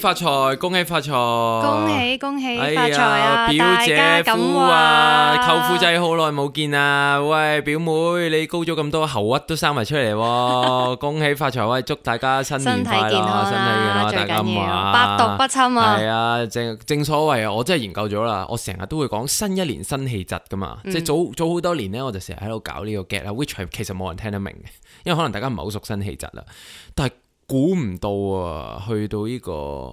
發財，恭喜發財！恭喜恭喜發財、啊哎、呀表姐夫啊，舅父仔好耐冇見啊！喂，表妹，你高咗咁多，喉屈都生埋出嚟喎、啊！ 恭喜發財，喂，祝大家新年快身體健康新年快最緊要大家、啊、百毒不侵啊！係啊，正正所謂啊，我真係研究咗啦，我成日都會講新一年新氣質噶嘛，即係、嗯、早早好多年呢，我就成日喺度搞呢個 get 啊，which 係其實冇人聽得明嘅，因為可能大家唔係好熟新氣質啦，但係。估唔到啊！去到呢個二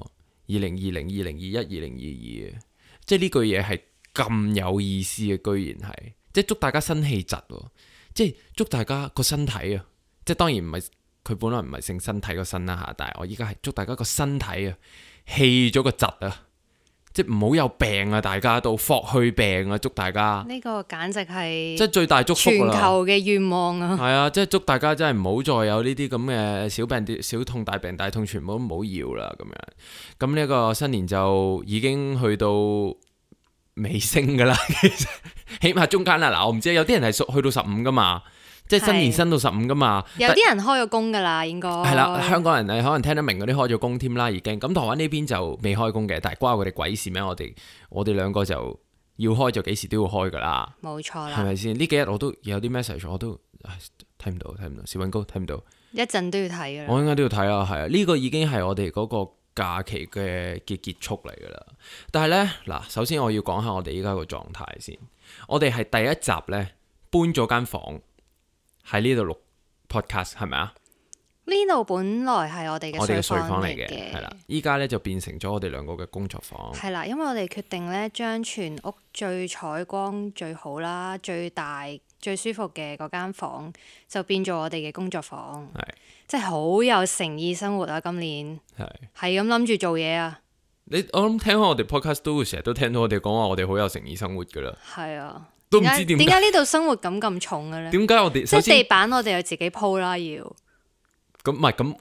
零二零、二零二一、二零二二，即係呢句嘢係咁有意思嘅，居然係即係祝大家身棄疾喎、啊，即係祝大家個身體啊！即係、啊啊啊、當然唔係佢本來唔係姓身體個身啦嚇，但係我依家係祝大家個身體啊，棄咗個疾啊！即係唔好有病啊！大家都霍去病啊，祝大家呢個簡直係即係最大祝福，全球嘅願望啊，係啊！即係祝大家真係唔好再有呢啲咁嘅小病小痛、大病大痛，全部都唔好要啦咁樣。咁呢個新年就已經去到尾聲㗎啦，其實起碼中間啦。嗱，我唔知有啲人係去到十五㗎嘛。即係新年新到十五噶嘛，有啲人開咗工噶啦，但應該係啦。香港人你可能聽得明嗰啲開咗工添啦，已經咁。台灣呢邊就未開工嘅，但係關我哋鬼事咩？我哋我哋兩個就要開就幾時都要開噶啦，冇錯啦，係咪先？呢幾日我都有啲 message，我都睇唔到，睇唔到，小粉哥睇唔到，一陣都要睇噶啦，我應該都要睇啊，係啊，呢個已經係我哋嗰個假期嘅嘅結束嚟噶啦。但係呢，嗱，首先我要講下我哋依家個狀態先，我哋係第一集呢，搬咗間房。喺呢度錄 podcast 係咪啊？呢度本來係我哋嘅我哋嘅睡房嚟嘅，係啦，依家咧就變成咗我哋兩個嘅工作房。係啦，因為我哋決定咧，將全屋最採光最好啦、最大、最舒服嘅嗰間房，就變做我哋嘅工作房。係是，即係好有誠意生活啊！今年係係咁諗住做嘢啊！你我諗聽開我哋 podcast 都會成日都聽到我哋講話，我哋好有誠意生活噶啦。係啊。點解呢度生活感咁重嘅咧？點解我哋即係地板我哋又自己鋪啦？要咁唔係咁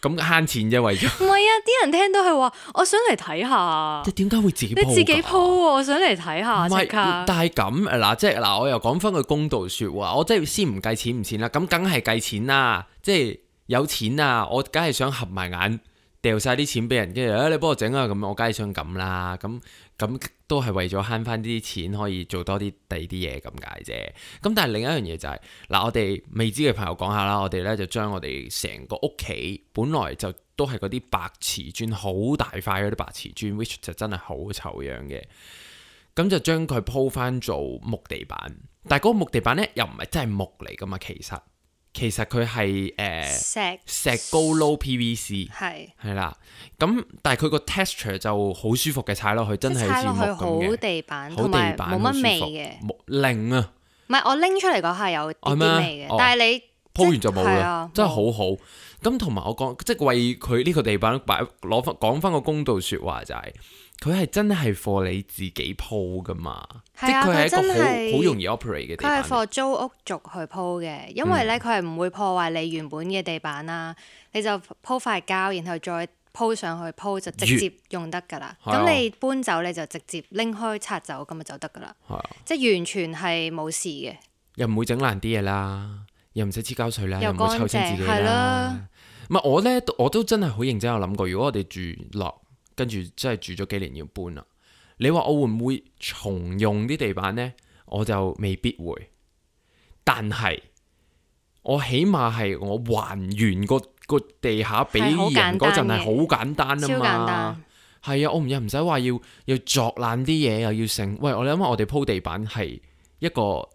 咁慳錢嘅位置？唔係啊！啲人聽到係話，我想嚟睇下。即點解會自己鋪？你自己鋪，啊，我想嚟睇下先得。但係咁嗱，即係嗱，我又講翻個公道說話。我即係先唔計錢唔錢啦，咁梗係計錢啦。即係有錢，有錢啊，我梗係想合埋眼，掉晒啲錢俾人，跟住你幫我整啊，咁我梗係想咁啦。咁咁。都係為咗慳翻啲錢，可以做多啲第啲嘢咁解啫。咁但係另一樣嘢就係，嗱，我哋未知嘅朋友講下啦，我哋呢就將我哋成個屋企本來就都係嗰啲白瓷磚，好大塊嗰啲白瓷磚，which 就真係好醜樣嘅。咁就將佢鋪翻做木地板，但係嗰個木地板呢，又唔係真係木嚟噶嘛，其實。其實佢係誒石石高 low PVC 係係啦，咁但係佢個 texture 就好舒服嘅，踩落去真係好似木咁嘅，踩落去好地板，冇乜味嘅。冇，拎啊，唔係我拎出嚟嗰下有啲啲味嘅，但係你鋪完就冇啦，真係好好。咁同埋我講，即係為佢呢個地板擺攞翻講翻個公道説話就係。佢係真係 for 你自己鋪噶嘛？即係佢係一個好好容易 operate 嘅。佢係 for 租屋族去鋪嘅，因為咧佢係唔會破壞你原本嘅地板啦。你就鋪塊膠，然後再鋪上去鋪就直接用得噶啦。咁、哦、你搬走你就直接拎開拆走咁咪就得噶啦。哦、即係完全係冇事嘅，又唔會整爛啲嘢啦，又唔使黐膠水啦，又冇臭青自己啦。唔係、哦、我咧，我都真係好認真有諗過，如果我哋住落。跟住真係住咗幾年要搬啦。你話我會唔會重用啲地板呢？我就未必會。但係我起碼係我還原個個地下畀人嗰陣係好簡單啊嘛。超簡單。係啊，我唔認唔使話要要作爛啲嘢又要剩。喂，我諗下，我哋鋪地板係一個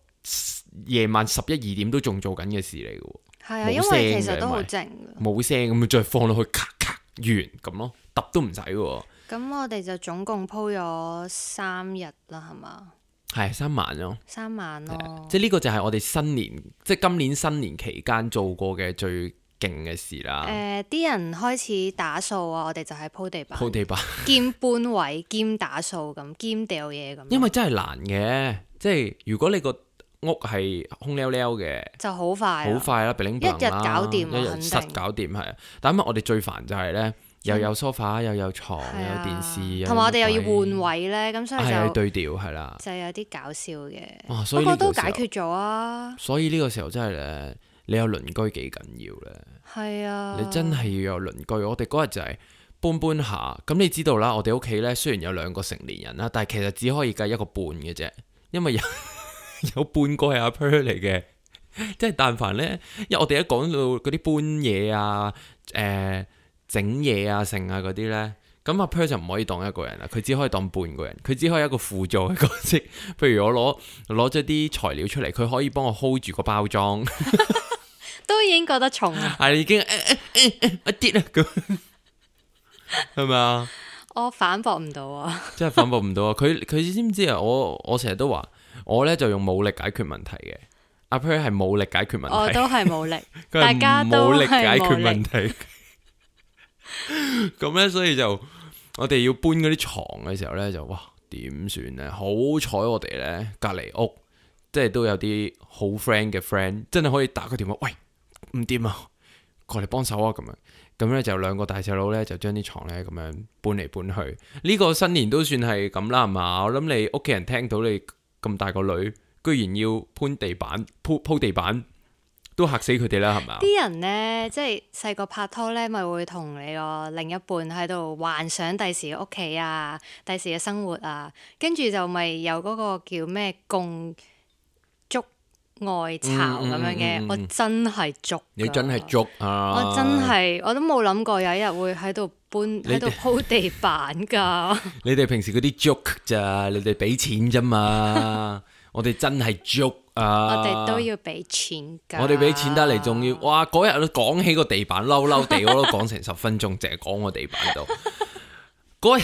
夜晚十一二點都仲做緊嘅事嚟嘅。係啊，冇聲嘅，因為其實都好靜嘅。冇聲咁咪再放落去，咔咔完咁咯。都唔使咁，我哋就總共鋪咗三日啦，係嘛？係三晚咯，三晚咯，即係呢個就係我哋新年，即係今年新年期間做過嘅最勁嘅事啦。誒，啲人開始打掃啊，我哋就係鋪地板，兼搬位，兼打掃咁，兼掉嘢咁。因為真係難嘅，即係如果你個屋係空溜溜嘅，就好快，好快啦，一日搞掂，一日實搞掂係。但係咁我哋最煩就係呢，又有梳化，又有床，嗯、又有電視，同埋我哋又要換位呢。咁、啊、所以就對調係啦，就係有啲搞笑嘅。不過都解決咗啊！所以呢個、啊、個時候真係你有鄰居幾緊要呢？係啊，你真係要有鄰居。我哋嗰日就係搬搬下，咁你知道啦。我哋屋企呢雖然有兩個成年人啦，但係其實只可以計一個半嘅啫，因為有 有半個係阿 Pearl 嘅。即係但凡呢，因為我哋一講到嗰啲搬嘢啊，誒、呃、～整嘢啊、剩啊嗰啲呢，咁阿 p e r 就唔可以當一個人啊，佢只可以當半個人，佢只可以一個輔助嘅角色。譬如我攞攞咗啲材料出嚟，佢可以幫我 hold 住個包裝， 都已經覺得重啊，係已經一啲啦，咁係咪啊？我反駁唔到啊！真係反駁唔到啊！佢佢知唔知啊？我我成日都話，我呢，就用武力解決問題嘅，阿 p e r s 係武， 武力解決問題，我都係武力，大家都係武力。咁咧， 所以就我哋要搬嗰啲床嘅時候咧，就哇點算咧？好彩我哋咧隔籬屋，即係都有啲好 friend 嘅 friend，真係可以打個電話，喂，唔掂啊，過嚟幫手啊，咁樣，咁咧就兩個大細佬咧就將啲床咧咁樣搬嚟搬去。呢個新年都算係咁啦，係嘛？我諗你屋企人聽到你咁大個女，居然要搬地板鋪鋪地板，都嚇死佢哋啦，係嘛？啲人呢，即係細個拍拖呢咪會同你個另一半喺度幻想第時屋企啊，第時嘅生活啊，跟住就咪有嗰個叫咩共築愛巢咁樣嘅。我真係築，你真係築啊！我真係我都冇諗過有一日會喺度搬喺度你鋪地板㗎。 你哋平時嗰啲築咋？你哋俾錢咋嘛？我哋真係築。Uh, 我哋都要俾錢㗎，我哋俾錢得嚟，仲要哇！嗰日都講起個地板嬲嬲地我都講成十分鐘，淨係講個地板度。嗰日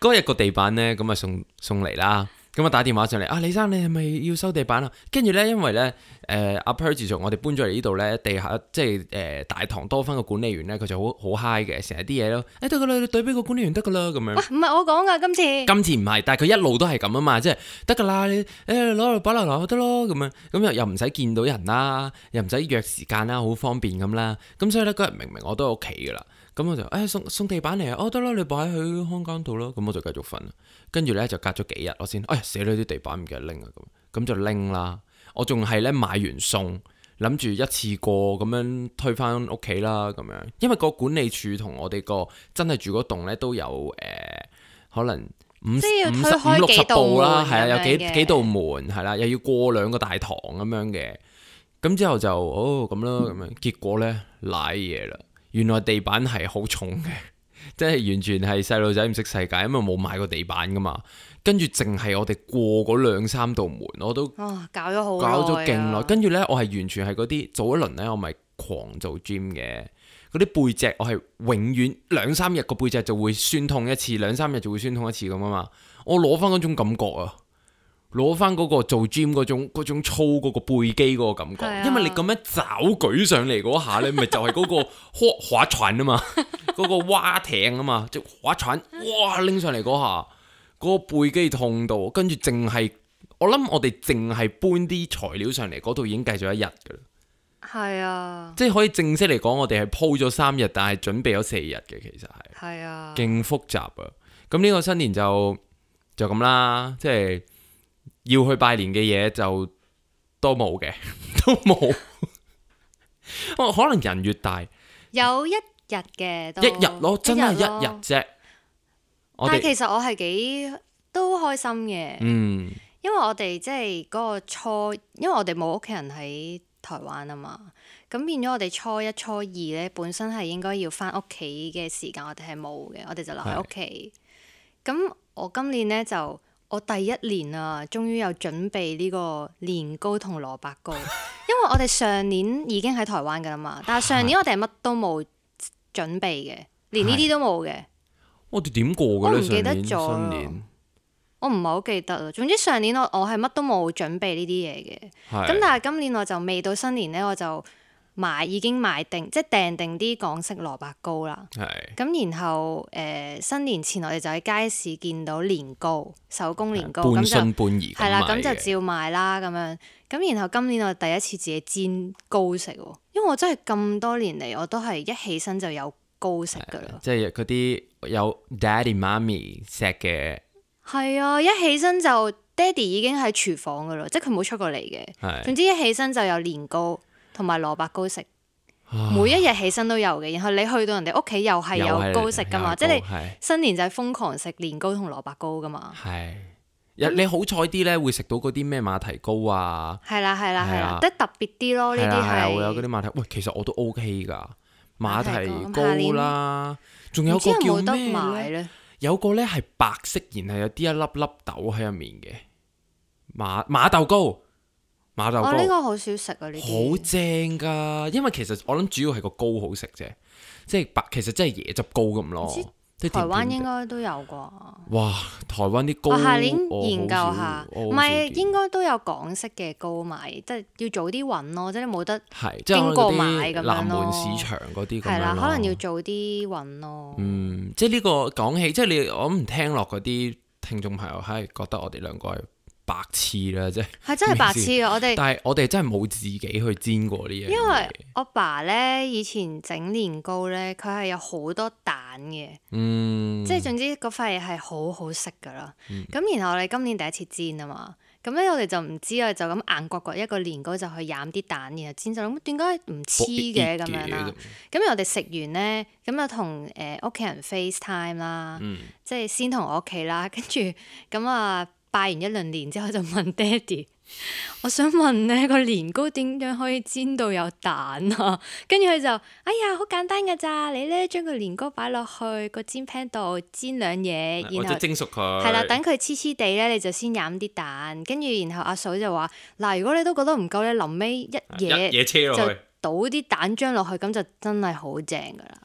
嗰個地板呢，咁啊送送嚟啦。咁啊，打電話上嚟啊，李生，你係咪要收地板啊？跟住呢，因為呢，誒阿 Purge 從，我哋搬咗嚟呢度呢，地下即係誒、呃、大堂多翻、欸、個管理員呢，佢就好好 high 嘅，成日啲嘢咯，誒得噶啦，你對俾個管理員得噶啦，咁樣。唔係我講噶，今次今次唔係，但係佢一路都係咁啊嘛，即係得噶啦，你誒攞嚟擺落嚟得咯，咁樣，咁又又唔使見到人啦，又唔使約時間啦，好方便咁啦，咁所以呢，嗰日明明我都喺屋企噶啦。咁我就誒、欸、送送地板嚟啊，哦得啦，你擺喺空間度啦，咁我就繼續瞓。跟住咧就隔咗幾日我先，哎死啦啲地板唔記得拎啊，咁咁就拎啦。我仲係咧買完餸，諗住一次過咁樣推返屋企啦，咁樣。因為個管理處同我哋個真係住嗰棟咧都有誒、呃，可能五五十五、六十步啦，係啊，有幾幾道門係啦，又要過兩個大堂咁樣嘅。咁之後就哦咁咯，咁樣，樣，樣，樣，結果咧瀨嘢啦。原來地板係好重嘅，真係完全係細路仔唔識世界，因為冇買過地板噶嘛。跟住淨係我哋過嗰兩三道門，我都搞咗好搞咗勁耐。跟住呢，我係完全係嗰啲早一輪呢，我咪狂做 gym 嘅。嗰啲背脊我係永遠兩三日個背脊就會酸痛一次，兩三日就會酸痛一次咁啊嘛。我攞翻嗰種感覺啊！攞翻嗰個做 gym 嗰種種粗嗰個背肌嗰個感覺，啊、因為你咁樣抓舉上嚟嗰下咧，咪 就係嗰個划船啊嘛，嗰 個划艇啊嘛，即係划船哇拎上嚟嗰下，嗰、嗰個背肌痛到，跟住淨係我諗我哋淨係搬啲材料上嚟嗰度已經計咗一日㗎喇，係啊，即係可以正式嚟講，我哋係鋪咗三日，但係準備咗四日嘅，其實係係啊，勁複雜啊。咁呢個新年就就咁啦，即、就、係、是。就是要去拜年嘅嘢就都冇嘅，都冇。哦， 可能人越大有一日嘅，一日咯，真係一日啫。們但係其實我係幾都開心嘅，嗯，因為我哋即係嗰個初，因為我哋冇屋企人喺台灣啊嘛，咁變咗我哋初一初二咧，本身係應該要翻屋企嘅時間，我哋係冇嘅，我哋就留喺屋企。咁是我今年咧就。我第一年啊，終於有準備呢個年糕同蘿蔔糕， 因為我哋上年已經喺台灣㗎啦嘛， 但係上年我哋乜都冇準備嘅，連 呢啲都冇嘅。我哋點過㗎？我唔記得咗，上年新年，我唔係好記得啦。總之上年我我係乜都冇準備呢啲嘢嘅，咁 但係今年我就未到新年咧，我就。買已經買定，即係訂定啲港式蘿蔔糕啦。係的。咁然後誒、呃，新年前我哋就喺街市見到年糕，手工年糕咁就係啦，咁、嗯、就照賣啦咁樣。咁然後今年我第一次自己煎糕食，因為我真係咁多年嚟我都係一起身就有糕食噶咯。即係嗰啲有，有 daddy、m u m 嘅。係啊，一起身就爹 a 已經喺廚房噶咯，即係佢冇出過嚟嘅。係的的。總之一起身就有年糕。同埋蘿蔔糕食，每一日起身都有嘅。然後你去到人哋屋企又係有糕食噶嘛？即係你新年就係瘋狂食年糕同蘿蔔糕噶嘛？係是。嗯、你好彩啲咧，會食到嗰啲咩馬蹄糕啊？係啦係啦係啦，即特別啲咯。呢啲係會有嗰啲馬蹄。喂，其實我都 OK 㗎，馬蹄，馬蹄糕啦，仲林有個叫咩咧？有，呢有個咧係白色，然係有啲一粒粒豆喺入面嘅馬馬豆糕。馬豆糕，我呢、哦這個好少食啊！呢啲好正噶，因為其實我諗主要係個糕好食啫，即係白，其實真係椰汁糕咁咯。知台灣應該都有啩。哇！台灣啲糕，我下、哦、年研究下，唔係是應該都有港式嘅糕買，即係要早啲搵咯，即係冇得係經過買咁樣咯。南門市場嗰啲係啦，可能要早啲搵咯。嗯，即係呢個講起，即係你我唔聽落嗰啲聽眾朋友，係覺得我哋兩個。白痴啦，即係 真係白痴啊！ 我哋但係我哋真係冇自己去煎過啲嘢，因為我爸咧以前整年糕咧，佢係有好多蛋嘅，嗯，即係總之嗰塊嘢係好好食噶啦。咁、嗯、然後我哋今年第一次煎啊嘛，咁咧我哋就唔知啊，我哋就咁硬割割一個年糕就去揀啲蛋，然後煎就咁點解唔黐嘅咁樣，樣啦。咁、嗯、我哋食完咧，咁啊同誒屋企人 FaceTime 啦，即係先同我屋企啦，跟住咁啊。拜完一輪年之後就問爹哋，我想問咧個年糕點樣可以煎到有蛋啊？跟住佢就哎呀，好簡單噶咋，你咧將個年糕擺落去個煎 pan 度煎兩嘢，就然後蒸熟佢係啦，等佢黐黐地咧，你就先飲啲蛋。跟住然後阿嫂就話嗱，如果你都覺得唔夠咧，臨尾一嘢就倒啲蛋漿落去，咁就真係好正噶啦。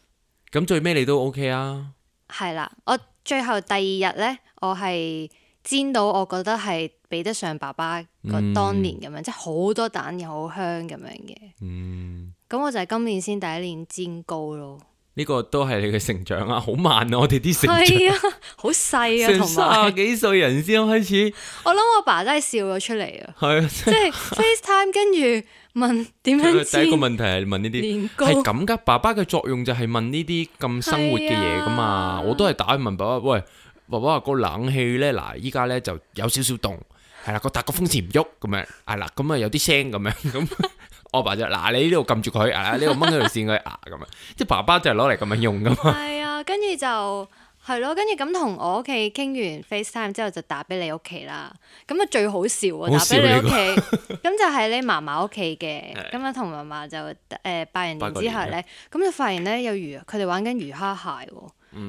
咁最尾你都 OK 啊？係啦，我最後第二日咧，我係。煎到我覺得係比得上爸爸個當年咁樣，嗯、即係好多蛋又好香咁樣嘅。咁、嗯、我就係今年先第一年煎糕咯。呢個都係你嘅成長啊！好慢啊，我哋啲成長，好細啊，啊且成廿幾歲人先開始。我諗我爸真係笑咗出嚟啊！係即係是 FaceTime 跟住問點樣煎？第一個問題係問呢啲，係咁噶。爸爸嘅作用就係問呢啲咁生活嘅嘢噶嘛。是啊、我都係打去問爸爸喂。爸爸話個冷氣咧，嗱依家咧就有少少凍，係啦，個達個風扇唔喐咁樣，係啦，咁啊有啲聲咁樣，咁我爸就嗱你呢度撳住佢牙，呢度掹條線佢牙咁啊，即係 爸爸就攞嚟咁樣用噶嘛。係啊，跟住就係咯，跟住咁同我屋企傾完 FaceTime 之後，就打俾你屋企啦。咁啊最好笑啊，笑打俾你屋企，咁、這個、 就係你嫲嫲屋企嘅，咁啊同嫲嫲就誒拜、呃、年之後咧，咁就發現咧有魚，佢哋玩緊魚蝦蟹。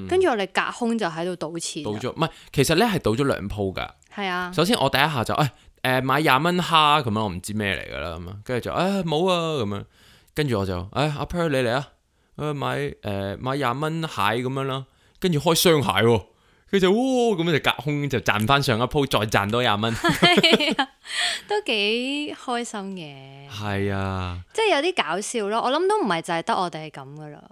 跟住、嗯、我哋隔空就喺度賭錢，賭咗唔係，其實咧係賭咗兩鋪噶係啊，首先我第一下就誒誒、哎呃、買廿蚊蝦咁樣，我唔知咩嚟噶啦咁樣，跟住就誒冇啊咁樣，跟住我就誒、哎、阿 Per 你嚟啊，誒、呃、買誒、呃、買廿蚊蟹咁樣啦，跟住開雙蟹喎，跟住哦咁樣就隔空就賺翻上一鋪再賺多廿蚊， 都幾開心嘅。係啊，即係有啲搞笑咯，我諗都唔係就係得我哋係咁噶啦。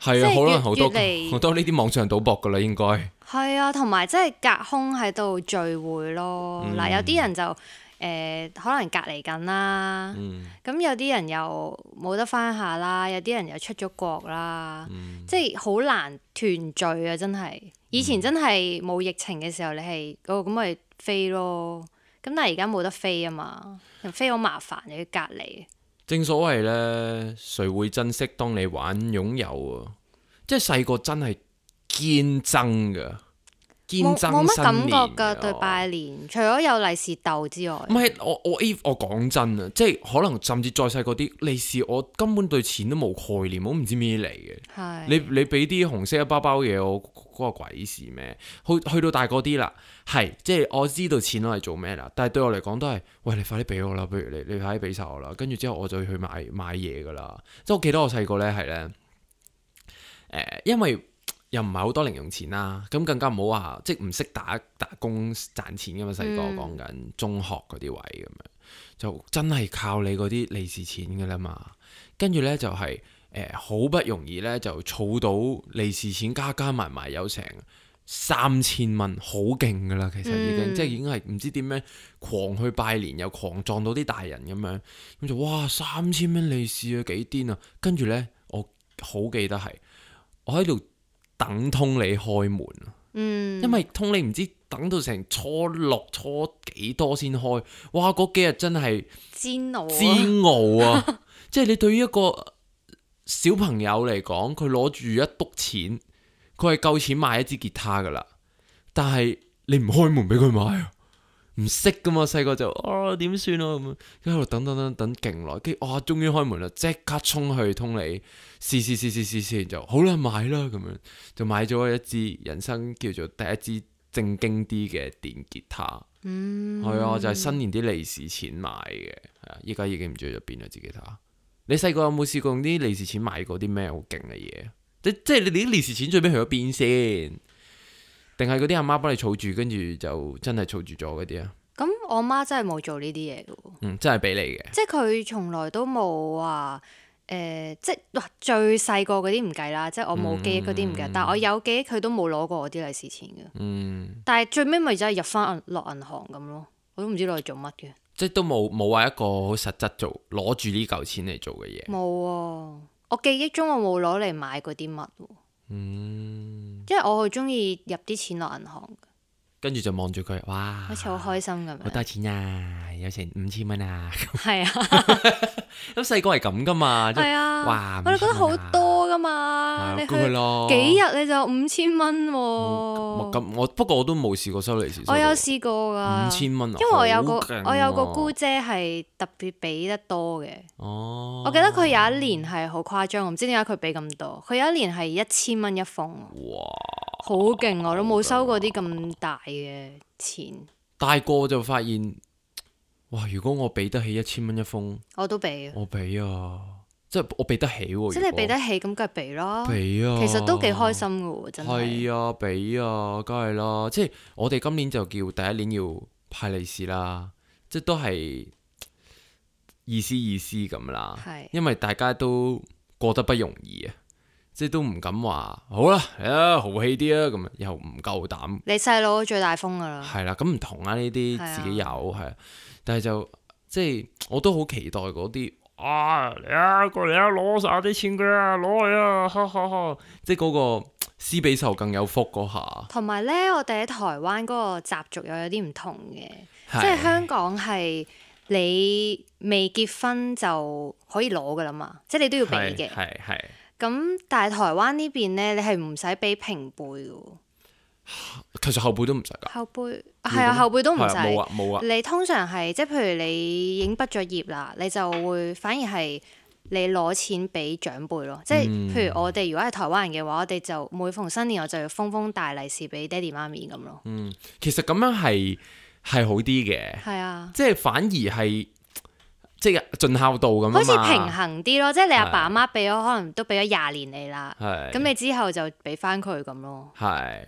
係啊，好是多人好來多好多呢啲網上賭博噶啦，應該係啊，同埋真係隔空喺度聚會咯。嗱、嗯呃，有啲人就誒、呃、可能隔離緊啦，咁、嗯、有啲人又冇得返下啦，有啲人又出咗國啦，嗯、即係好難團聚啊！真係以前真係冇疫情嘅時候，你係哦咁咪飛咯。咁但係而家冇得飛啊嘛，飛好麻煩，啊，又要隔離。正所謂呢，誰會珍惜當你玩擁有啊？即係細個真係堅憎噶。冇乜感覺噶對拜年，除咗有利是鬥之外，唔係我我我講真啊，即係可能甚至再細嗰啲利是，我根本對錢都冇概念，我唔知咩嚟嘅。係你你俾啲紅色一包包嘢，我嗰個鬼事咩？去去到大個啲啦，係即係我知道錢攞嚟做咩啦。但係對我嚟講都係，喂你快啲俾我啦，不如你你快啲俾晒我啦，跟住之後我就去買買嘢噶啦。即係我記得我細個咧係咧，誒、呃、因為，又唔係好多零用錢啦，咁更加唔好話，即係唔識打打工賺錢噶嘛。細個講緊中學嗰啲位咁樣，就真係靠你嗰啲利是錢噶啦嘛。跟住呢，就係、是、誒，好、呃、不容易呢，就儲到利是錢，加加埋埋有成三千蚊，好勁噶啦。其實已經、嗯、即係已經係唔知點樣狂去拜年，又狂撞到啲大人咁樣，咁就哇三千蚊利是啊幾癲啊！跟住呢，我好記得係我喺度。等通你開門啊！嗯、因為通你唔知等到成初六初幾多先開，哇！嗰幾日真係煎熬，煎熬啊！ 即係你對於一個小朋友嚟講，佢攞住一篤錢，佢係夠錢買一支吉他噶啦，但係你唔開門俾佢買啊！唔識㗎嘛，細個就哦，點算啊？咁樣，跟住喺度等等等等勁耐，跟住哇，終於開門啦，即刻衝去通你試試試試試試，試試試試試試就好啦買啦咁樣，就買咗一支人生叫做第一支正經啲嘅電吉他，嗯，係、嗯、啊就係、是、新年啲利是錢買嘅，係啊依家已經唔知去咗邊啦，自己睇下。你細個有冇試過用啲利是錢買過啲咩好勁嘅嘢？即即係你啲利是錢最尾去咗邊先？定係嗰啲阿媽幫你儲住，跟住就真係儲住咗嗰啲啊？咁我媽真係冇做呢啲嘢嘅，嗯，真係俾你嘅，即係佢從來都冇話誒，即係哇最細個嗰啲唔計啦，即係我冇記憶嗰啲唔計，嗯，但係我有記憶佢都冇攞過我啲利是錢嘅，嗯，但係最尾咪真係入翻銀落銀行咁咯，我都唔知攞嚟做乜嘅，即係都冇冇話一個好實質做攞住呢嚿錢嚟做嘅嘢，冇啊，我記憶中我冇攞嚟買嗰啲乜喎。嗯，因為我好中意入啲錢落銀行。跟住就望住佢，哇！好似好開心咁樣。好多錢啊！有成五千蚊啊！係啊！咁細個係咁噶嘛？係啊！哇！我哋覺得好多噶嘛！幾日你就五千蚊喎！咁我不過我都冇試過收利是。我有試過㗎。五千蚊啊！因為我有個我有個姑姐係特別俾得多嘅。哦。我記得佢有一年係好誇張，我唔知點解佢俾咁多。佢有一年係一千蚊一封。哇！好勁啊！我都冇收過啲咁大。嘅錢大個就發現哇！如果我俾得起一千蚊一封，我都俾，我俾啊，即係我俾得起喎、啊。即係你俾得起，咁梗係俾啦。俾啊，其實都幾開心噶喎，真係。係啊，俾啊，梗係啦。即係我哋今年就叫第一年要派利是啦，即都係意思意思咁啦。是因為大家都過得不容易。即係都唔敢話好啦，啊豪氣啲啊咁，又唔夠膽。你細佬最大風噶啦。係啦，咁唔同啊呢啲自己有係的，但係就即係我都好期待嗰啲啊嚟啊過嚟啊攞晒啲錢畀佢啊攞嚟啊，啊啊啊呵呵即係嗰、嗰個施比受更有福嗰下。同埋咧，我哋喺台灣嗰個習俗又有啲唔同嘅，的即係香港係你未結婚就可以攞噶啦嘛，即係你都要俾嘅。係係。咁但係台灣呢邊咧，你係唔使俾平輩嘅。其實後輩都唔使噶。後輩係啊，後輩都唔使。冇啊冇啊。你通常係即係譬如你已經畢咗業啦，你就會反而係你攞錢俾長輩咯。即係譬如我哋如果係台灣人嘅話，我哋就每逢新年我就要封封大利是俾爹哋媽咪咁咯。嗯，其實咁樣係係好啲嘅。係啊、嗯，即係反而係。即係盡孝道咁，好似平衡啲咯。即係你阿爸阿媽俾咗，是可能都俾咗廿年你啦。咁是你之後就俾翻佢咁咯。係，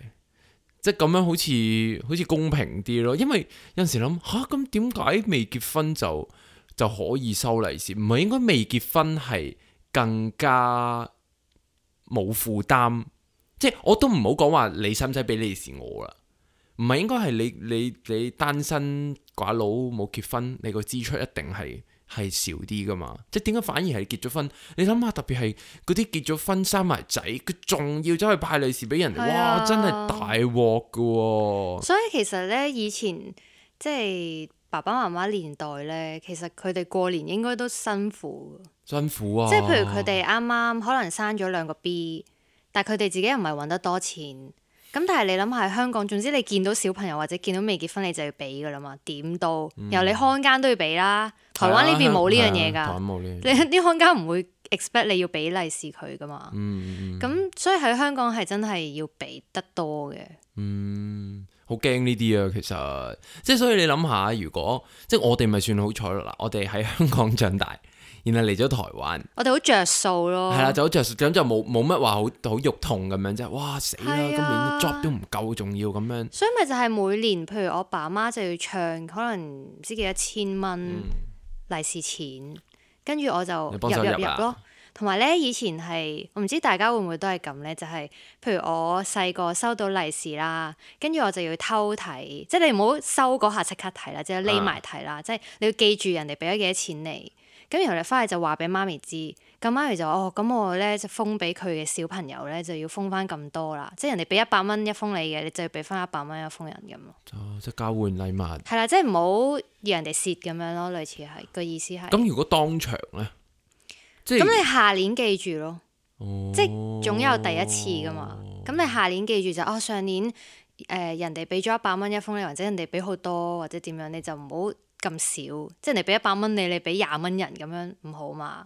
即係咁樣好似好似公平啲咯。因為有陣時諗吓，咁點解未結婚就就可以收利是？唔係應該未結婚係更加冇負擔？即係我都唔好講話你使唔使俾利是我啦？唔係應該係你你你單身寡佬冇結婚，你個支出一定係。係少啲噶嘛即係點解反而係結咗婚？你諗下，特別係嗰啲結咗婚生埋仔，佢仲要走去派利是俾人，是啊、哇！真係大鑊噶所以其實咧，以前即係爸爸媽媽年代咧，其實佢哋過年應該都辛苦。辛苦啊！即係譬如佢哋啱啱可能生咗兩個 B，但係佢哋自己又唔係搵得多錢。咁但係你諗下，香港，總之你見到小朋友或者見到未結婚，你就要俾噶啦嘛，點都，嗯、由你看更都要俾啦。台灣呢邊冇呢樣嘢㗎，嗯啊、你啲看更唔會 expect 你要俾利是佢噶嘛。咁、嗯、所以喺香港係真係要俾得多嘅。嗯，好驚呢啲啊，其實，即係所以你諗下，如果即係我哋咪算好彩咯嗱，我哋喺香港長大。然後嚟咗台灣，我哋好着數咯，係啦、啊，就好着數咁就冇冇乜話好好肉痛咁樣啫。哇，死啦！啊、今年 job 都唔夠重要咁樣，所以咪就係每年，譬如我爸媽就要唱，可能唔知幾多千蚊利是錢，跟住我就幫入入入，入咯。同埋咧，以前係我唔知大家會唔會都係咁咧，就係、是、譬如我細個收到利是啦，跟住我就要偷睇，即係你唔好收嗰下即刻睇啦，即係匿埋睇啦，即係、啊、你要記住人哋俾咗幾多錢你。咁然後你翻去就話俾媽咪知，咁媽咪就哦，咁我咧就封俾佢嘅小朋友咧就要封翻咁多啦，即係人哋俾一百蚊一封你嘅，你就要俾翻一百蚊一封人咁咯。即係交換禮物。係啦，即係唔好要人哋蝕咁樣咯，類似係個意思係。咁如果當場咧？咁你下年記住咯，哦、即係總有第一次噶嘛。咁、哦、你下年記住就哦，上年誒、呃、人哋俾咗一百蚊一封你，或者人哋俾好多或者點樣，你就唔好。咁少，即係你俾一百蚊你，你俾廿蚊人咁樣唔好嘛？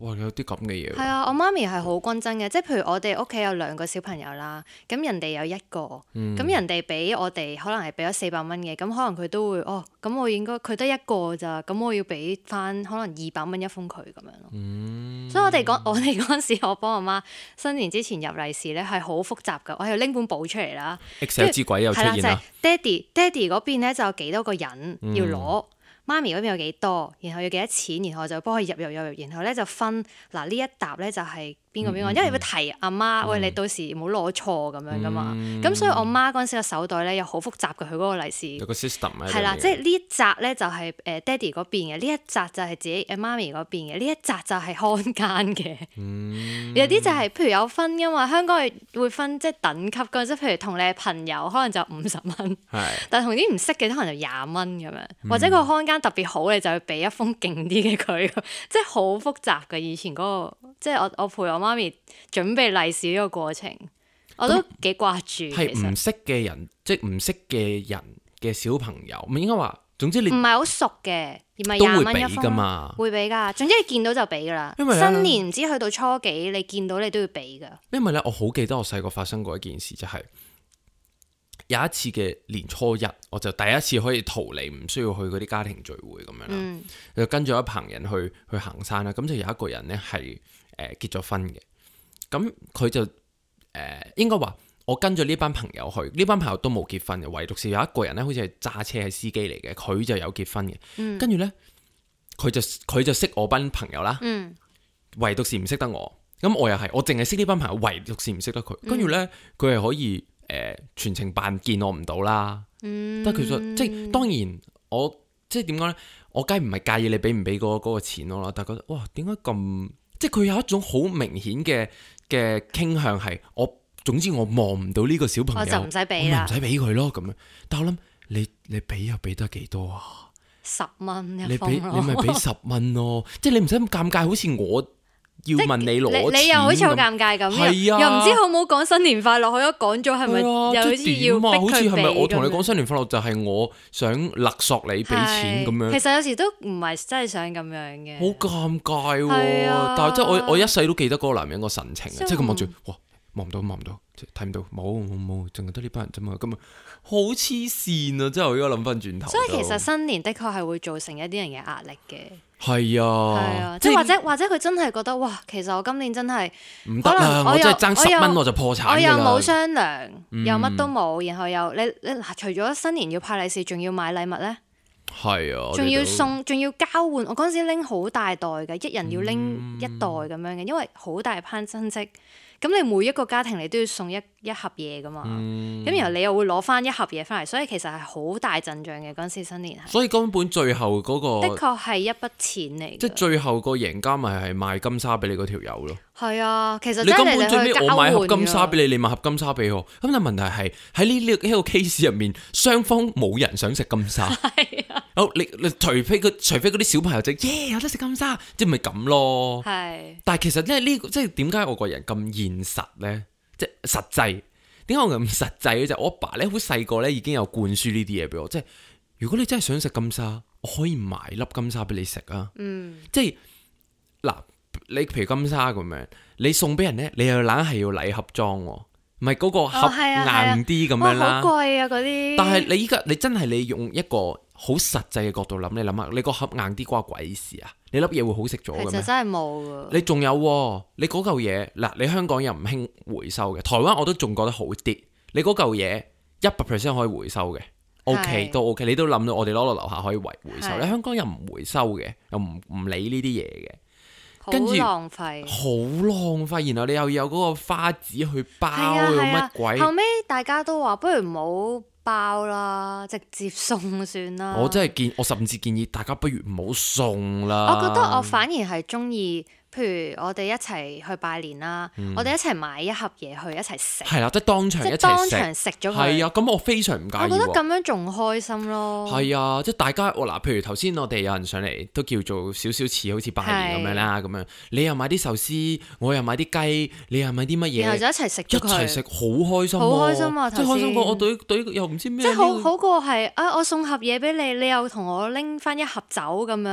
哇！有啲咁嘅嘢，係啊！我媽咪係好均真嘅，即係譬如我哋屋企有兩個小朋友啦，咁人哋有一個，咁、嗯、人哋俾我哋可能係俾咗四百蚊嘅，咁可能佢都會哦，咁我應該佢得一個咋，咁我要俾翻可能二百蚊一封佢咁樣咯。嗯、所以我哋講我哋嗰陣時，我幫我媽新年之前入利是咧係好複雜噶，我要拎本簿出嚟啦。X、嗯、以之鬼又出現啦！係啊，爹哋爹哋嗰邊咧就有幾多個人要攞。嗯媽咪嗰邊有幾多，然後要幾多錢，然後就幫佢入入入入，然後咧就分嗱，呢一沓咧就係、是。邊個邊個？嗯、因為會提阿媽，媽，嗯、喂，你到時唔好攞錯咁樣噶嘛。咁、嗯嗯、所以，我媽嗰陣時個手袋咧又好複雜嘅，佢嗰個利是。有個 system 啊。係啦，即係呢一扎咧就係誒 daddy 嗰邊嘅，呢一扎就係自己阿媽咪嗰邊嘅，呢一扎就係看更嘅。有啲就係譬如有分噶嘛，香港係會分即係等級㗎，即係譬如同你係朋友，可能就五十蚊。係。但係同啲唔識嘅，可能就廿蚊咁樣，或者個看更特別好，你就要俾一封勁啲嘅佢。即係好複雜嘅，以前嗰個即係我我，我，我陪我媽咪準備利是呢個過程，我都幾掛住。係唔、嗯、識嘅人，即係唔識嘅人嘅小朋友，唔應該話。總之你唔係好熟嘅，唔係廿蚊一封嘛，會俾噶總之你見到就俾噶啦因為、啊、新年唔知去到初幾，你見到你都要俾噶因為咧，我好記得我細個發生過一件事，就係、是、有一次嘅年初一，我就第一次可以逃離，唔需要去嗰啲家庭聚會咁樣啦。嗯、就跟住一棚人去去行山啦。咁就有一個人咧係。誒，結咗婚嘅，咁，佢、嗯、就誒、呃，應該話，我跟住呢班朋友去，呢班朋友都冇結婚嘅，唯獨是有一個人咧，好似係揸車係司機嚟嘅，佢就有結婚嘅。跟住咧，佢就佢就識我班朋友啦，嗯、唯獨是唔識得我。咁、嗯、我又係我淨係識呢班朋友，唯獨是唔識得佢。跟住咧，佢係可以誒、呃、全程扮見我唔到啦。嗯、但其實即係當然我即係點講咧，我梗係唔係介意你俾唔俾嗰嗰個錢咯，但係覺得哇，點解咁？即係佢有一種好明顯嘅嘅傾向係，我總之我望唔到呢個小朋友，我就唔使俾唔使俾佢咯咁樣。但係我諗，你你俾又俾得幾多啊？十蚊，你俾你咪俾十蚊咯， 即係你唔使咁尷尬，好似我。要問你攞錢，你又好似好尷尬咁，係啊，又唔知好冇講新年快樂，如果講咗係咪，是是又好似要逼佢俾，好似係咪我同你講新年快樂就係我想勒索你俾錢咁是樣？其實有時都唔係真係想咁樣嘅。好尷尬喎，啊，啊，但係即係我我一世都記得嗰個男人個神情啊，即係佢望住哇。望唔到，望唔到，睇唔到，冇冇冇，淨係得呢班人啫嘛，咁啊，好黐線啊！真係我而家諗翻轉頭，所以其實新年的確係會造成一啲人嘅壓力嘅。係啊，係啊。即係或者或者佢真係覺得哇，其實我今年真係唔得啦，我，我真係爭十蚊我就破產，我又冇商量，又乜都冇，嗯、然後又你你嗱，除咗新年要派利是，仲要買禮物咧，係啊，仲要送，仲、嗯、要交換。我嗰陣時拎好大袋嘅，一人要拎一袋咁樣嘅，嗯、因為好大班親戚。咁你每一個家庭你都要送一一盒嘢㗎嘛，咁、嗯、然後你又會攞翻一盒嘢翻嚟，所以其實係好大陣仗嘅，嗰陣時新年係。所以根本最後嗰、嗰個的確係一筆錢嚟嘅。即係最後個贏家咪係賣金沙俾你嗰條友咯。係啊，其實你係你最屘，我買盒金沙俾你，你買盒金沙俾我，咁但係問題係喺呢呢呢個 case 入面，雙方冇人想食金沙。係啊，好你你除非除非嗰啲小朋友即耶有得食金沙，即係咪咁咯？係是。但係其實、這個、即係呢個即係點解我個人咁現實咧？即係實際，點解我咁實際咧？就是、我阿爸咧，好細個咧已經有灌輸呢啲嘢俾我，即係如果你真係想食金沙，我可以買粒金沙俾你食啊。嗯，即係嗱。你譬如金沙咁樣，你送俾人呢，你又禮、啊哦啊啊、懶係要禮盒裝喎，唔係嗰個盒硬啲咁樣啦。好貴啊啲！但係你依家你真係你用一個好實際嘅角度諗，你諗下，你個盒硬啲關鬼事啊？你粒嘢會好食咗？其實真係冇噶。你仲有，你嗰嚿嘢嗱，你香港又唔興回收嘅，台灣我都仲覺得好啲。你嗰嚿嘢一百 percent 可以回收嘅是，OK 都 OK。你都諗到我哋攞落樓下可以回回收，是你香港又唔回收嘅，又唔唔理呢啲嘢嘅。跟住浪費，好浪費，然後你又有嗰個花紙去包，用乜、啊啊、鬼？後尾大家都話不如唔好包啦，直接送算啦。我真係建，我甚至建議大家不如唔好送啦。我覺得我反而係中意。譬如我哋一齊去拜年啦，嗯、我哋一齊買一盒嘢去一齊食。係啦、啊，即係當場一，即係當場食咗佢。係啊，咁我非常唔介意、啊、我覺得咁樣仲開心咯。係啊，即係大家嗱，譬如頭先我哋有人上嚟都叫做少少似好似拜年咁樣啦，咁是樣你又買啲壽司，我又買啲雞，你又買啲乜嘢，就一齊食咗佢，一齊食好開心，好開心啊！真開、啊、開心過我對我對，對又唔知咩。即係好好，好過係啊！我送盒嘢俾你，你又同我拎翻一盒酒咁樣。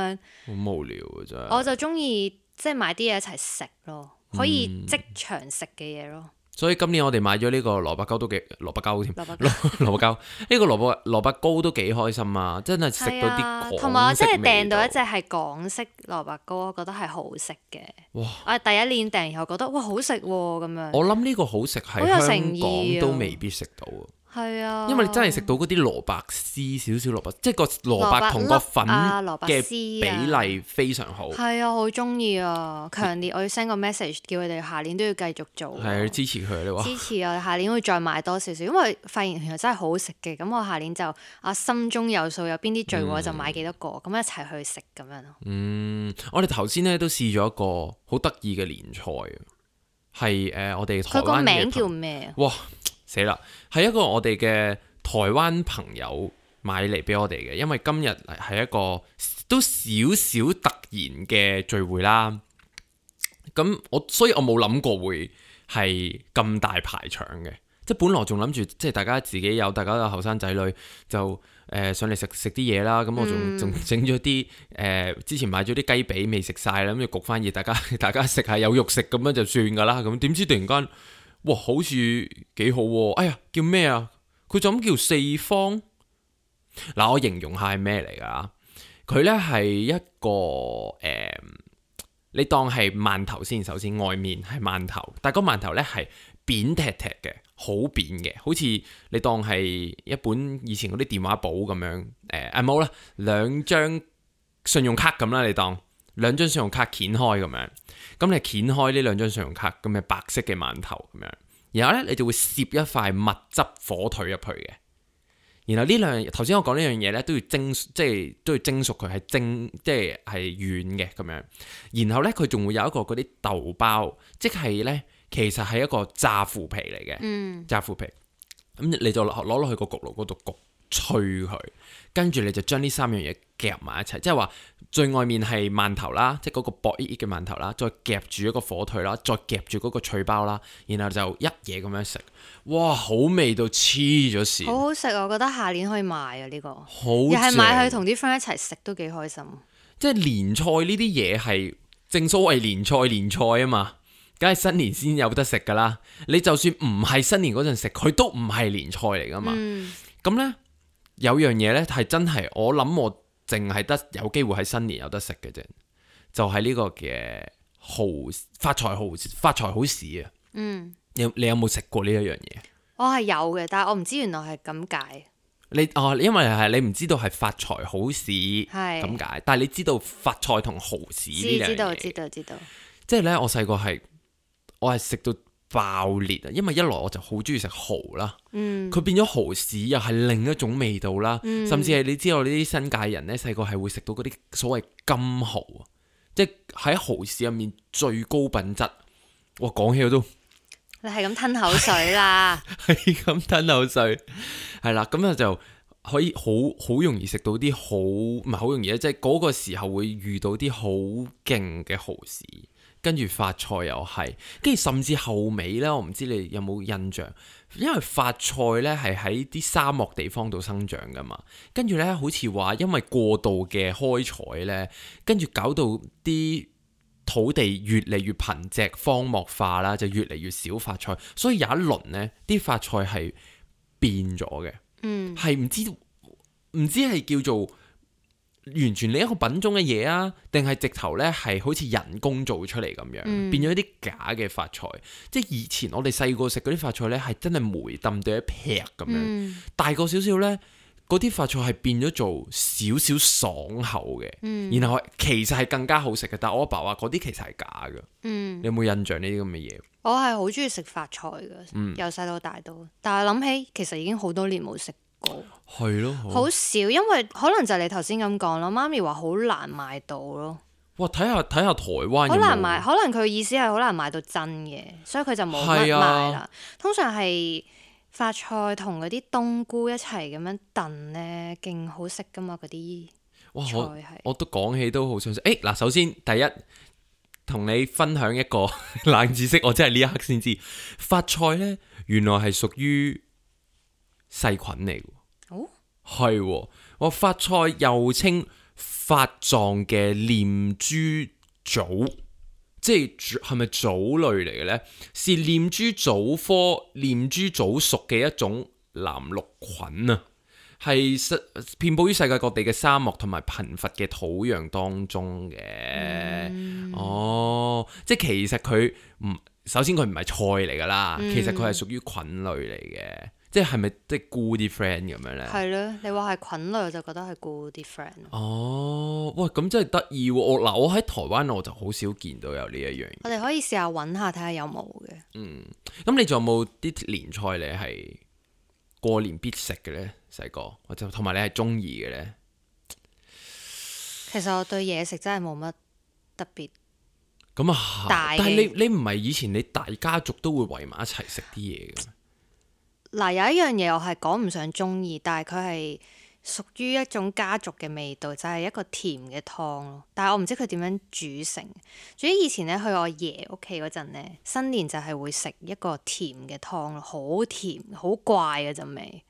好的無聊啊！真係。我就中意。即係買啲嘢一齊食咯，可以即場食嘅嘢咯、嗯。所以今年我哋買咗呢個蘿蔔糕都幾蘿蔔糕添，蘿蔔糕呢、 這個蘿蔔蘿蔔糕都幾開心啊！真係食到啲同埋真係訂到一隻係港式蘿蔔糕，我覺得係好食嘅哇。哇！啊，我第一年訂又覺得哇好食咁樣。我諗呢個好食喺香，香港都未必食到。係啊，因為你真係食到嗰啲蘿蔔絲少少蘿蔔，即係個蘿蔔同個粉嘅比例非常好。係啊，好鍾意啊，強烈我要 send 個 message 叫佢哋下年都要繼續做。係支持佢你話。支持啊！下年會再買多少少，因為發現原來真係好好食嘅。咁我下年就啊心中有數，有邊啲聚會就買幾多個，咁、嗯、一齊去食咁樣咯。嗯，我哋頭先咧都試咗一個好得意嘅年菜，係誒、呃、我哋佢個名叫咩啊？哇！死啦！係一個我哋嘅台灣朋友買嚟俾我哋嘅，因為今日係一個都少少突然嘅聚會啦。咁我所以我冇諗過會係咁大排場嘅，即係本來仲諗住即係大家自己有，大家嘅後生仔女就誒、呃、上嚟食食啲嘢啦。咁我仲仲整咗啲誒，之前買咗啲雞髀未食晒啦，咁就焗翻熱，大家大家食下有肉食咁樣就算噶啦。咁點知突然間。哇，好似幾好喎、啊！哎呀，叫咩啊？佢就咁叫四方。嗱，我形容下係咩嚟㗎？佢呢係一個誒、欸，你當係饅頭先，首先外面係饅頭，但係個饅頭呢係扁踢踢嘅，好扁嘅，好似你當係一本以前嗰啲電話簿咁樣誒，冇啦，兩張信用卡咁啦，你當。兩張信用卡掀開咁樣，咁你掀開呢兩張信用卡咁嘅白色嘅饅頭咁樣，然後呢，你就會攝一塊蜜汁火腿入去嘅，然後呢兩頭先我講呢樣嘢呢，都要蒸，即係都要蒸熟佢係蒸，即係係軟嘅咁樣，然後呢，佢仲會有一個嗰啲豆包，即係呢，其實係一個炸腐皮嚟嘅，嗯，炸腐皮，咁你就攞落去個焗爐嗰度焗。脆佢，跟住你就將呢三樣嘢夾埋一齊，即係話最外面係饅頭啦，即係嗰個薄咇咇嘅饅頭啦，再夾住一個火腿啦，再夾住嗰個脆包啦，然後就一嘢咁樣食，哇，好味到黐咗線！好好食啊，我覺得下年可以買啊呢、呢個，又係棒買去同啲 friend 一齊食都幾開心。即係年菜呢啲嘢係正所謂年菜年菜啊嘛，梗係新年先有得食噶啦。你就算唔係新年嗰陣食，佢都唔係年菜嚟噶嘛。咁、嗯、呢？有樣嘢呢，係真係，我諗我淨係得有機會喺新年有得食嘅啫，就係、是、呢個嘅蠔發財蠔發財好市啊！屎嗯你，你有冇食過呢一樣嘢？我係有嘅，但係我唔知原來係咁解。你哦，因為係你唔知道係發財好市係咁解，是但係你知道發菜同蠔豉呢樣嘢知道知道知道。知道知道即係呢，我細個係我係食到。爆裂啊！因為一來我就好中意食蠔啦，佢、嗯、變咗蠔豉又係另一種味道啦，嗯、甚至係你知道呢啲新界人呢細個係會食到嗰啲所謂金蠔，即係喺蠔豉入面最高品質。我講起我都，你係咁吞口水啦，係咁 吞口水，係 啦，咁啊就可以好好容易食到啲好唔係好容易啊，即係嗰個時候會遇到啲好勁嘅蠔豉。跟住發菜又係，跟住甚至後尾呢，我唔知你有冇印象，因為發菜呢係喺啲沙漠地方度生長㗎嘛，跟住呢，好似話因為過度嘅開採呢，跟住搞到啲土地越嚟越貧瘠、荒漠化啦，就越嚟越少發菜，所以有一輪呢啲發菜係變咗嘅，嗯，係唔知唔知係叫做完全另一個品種嘅嘢啊，定係直頭呢？係好似人工做出嚟咁樣，嗯、變咗一啲假嘅髮菜。即係以前我哋細個食嗰啲髮菜呢，係真係梅冧到一劈咁樣。大個少少呢，嗰啲髮菜係變咗做少少爽口嘅。嗯、然後其實係更加好食嘅，但係我阿爸話嗰啲其實係假嘅。嗯、你有冇印象呢啲咁嘅嘢？我係好中意食髮菜嘅，由細、嗯、到大都。但係諗起其實已經好多年冇食。係咯，好，好少，因為可能就係你頭先咁講咯。媽咪話好難買到咯。哇，睇下睇下台灣。好難買，可能佢意思係好難買到真嘅，所以佢就冇乜賣啦。的通常係髮菜同嗰啲冬菇一齊咁樣燉呢，勁好食噶嘛嗰啲。哇，我我都講起都好想食。誒，嗱，首先第一，同你分享一個冷知識，我真係呢一刻先知，髮菜呢原來係屬於。細菌嚟㗎。哦，哦，係喎，我發菜又稱發狀嘅念珠藻，即係係咪藻類嚟嘅呢？係念珠藻科念珠藻屬嘅一種藍綠菌啊，係遍布於世界各地嘅沙漠同埋貧乏嘅土壤當中嘅。嗯、哦，即係其實佢唔首先佢唔係菜嚟㗎啦，嗯、其實佢係屬於菌類嚟嘅。即係咪即係菇啲 friend 咁樣呢？係咯，你話係菌類，我就覺得係菇啲 friend。哦，喂，咁真係得意喎！嗱，我喺台灣，我就好少見到有呢一樣嘢。我哋可以試下搵下睇下有冇嘅。嗯，咁你仲有冇啲年菜你係過年必食嘅呢？細個我就同埋你係中意嘅呢？其實我對嘢食真係冇乜特別。咁啊，但係你你唔係以前你大家族都會圍埋一齊食啲嘢嘅。嗱，有一樣嘢我係講唔上中意，但係佢係屬於一種家族嘅味道，就係、是、一個甜嘅湯咯。但係我唔知佢點樣煮成。總之以前咧去我爺屋企嗰陣咧，新年就係會食一個甜嘅湯咯，好甜好怪嘅陣味。